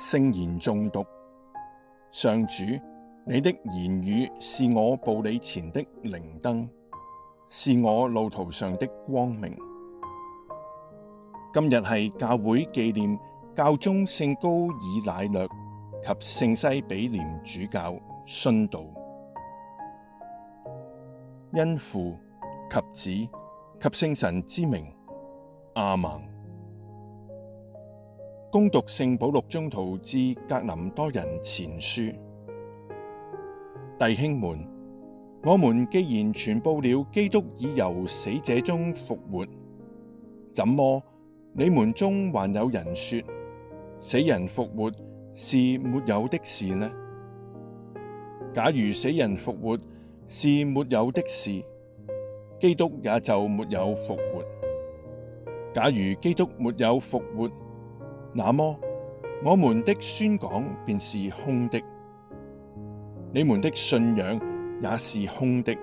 聖言誦讀。上主，你的言語是我步履前的靈燈，是我路途上的光明。今日係教會紀念教宗聖高爾乃略及聖西彼廉主教殉道。因父及子及聖神之名，阿們。恭讀聖保祿宗徒致格林多人前書，弟兄們，我們既然傳報了基督已由死者中復活，怎麼你們中還有人說，死人復活是沒有的事呢？假如死人復活是沒有的事，基督也就沒有復活。假如基督沒有復活，那麼，我們的宣講便是空的，你們的信仰也是空的。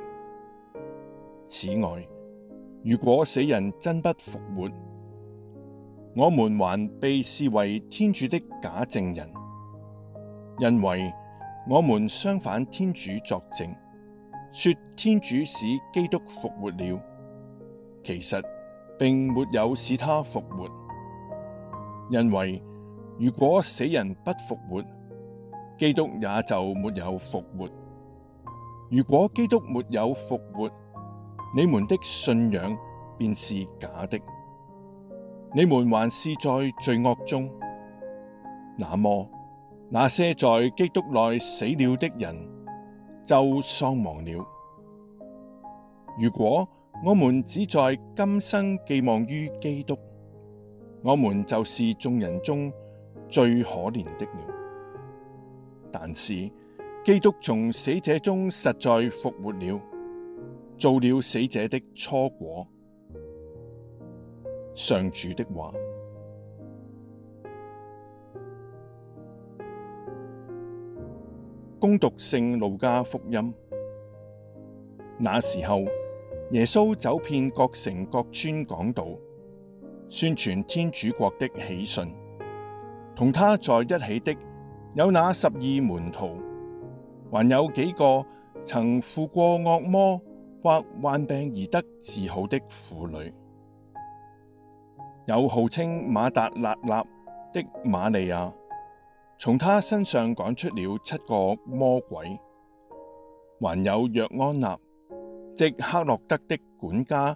此外，如果死人真不復活，我們還被視為天主的假證人，因為我們相反天主作證，說天主使基督復活了，其實並沒有使他復活。因為如果死人不復活，基督也就沒有復活。如果基督沒有復活，你們的信仰便是假的，你們還是在罪惡中。那麼，那些在基督內死了的人，就喪亡了。如果我們只在今生寄望於基督，我們就是眾人中最可憐的了。但是基督從死者中實在復活了，做了死者的初果。上主的話。恭讀聖路加福音。那時候，耶穌走遍各城各村講道。宣傳天主國的喜訊，同他在一起的有那十二門徒，還有幾個曾附過惡魔或患病而得治好的婦女，有號稱瑪達肋納的瑪利亞，從她身上趕出了七個魔鬼，還有約安納，即黑落德的管家，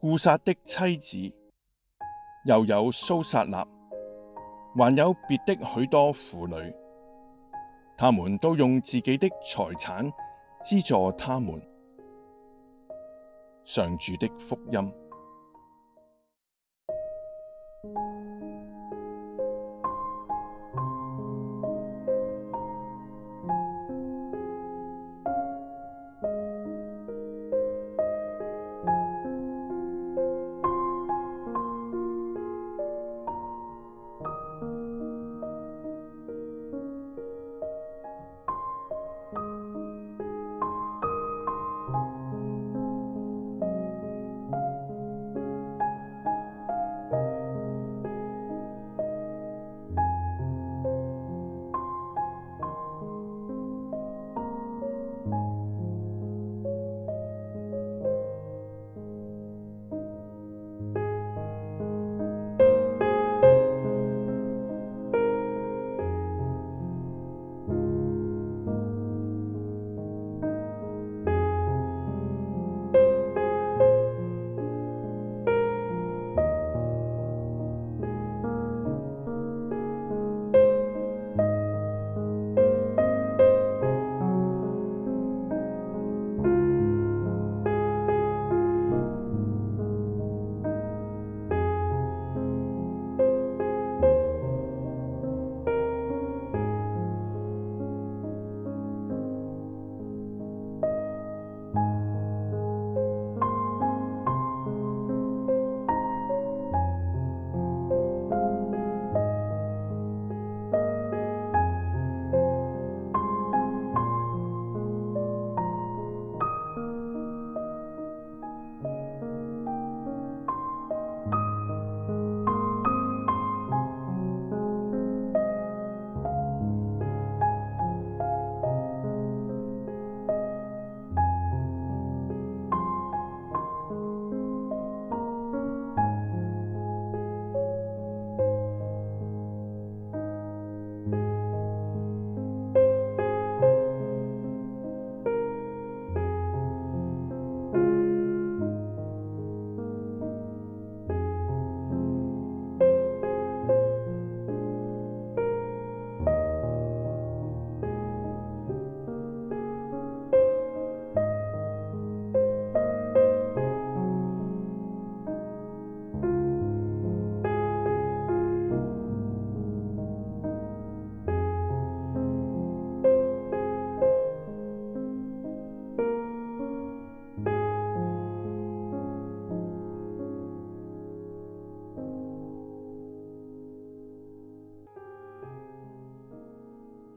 雇撒的妻子。又有蘇撒納，還有別的許多婦女，他們都用自己的財產資助他們，上主的福音。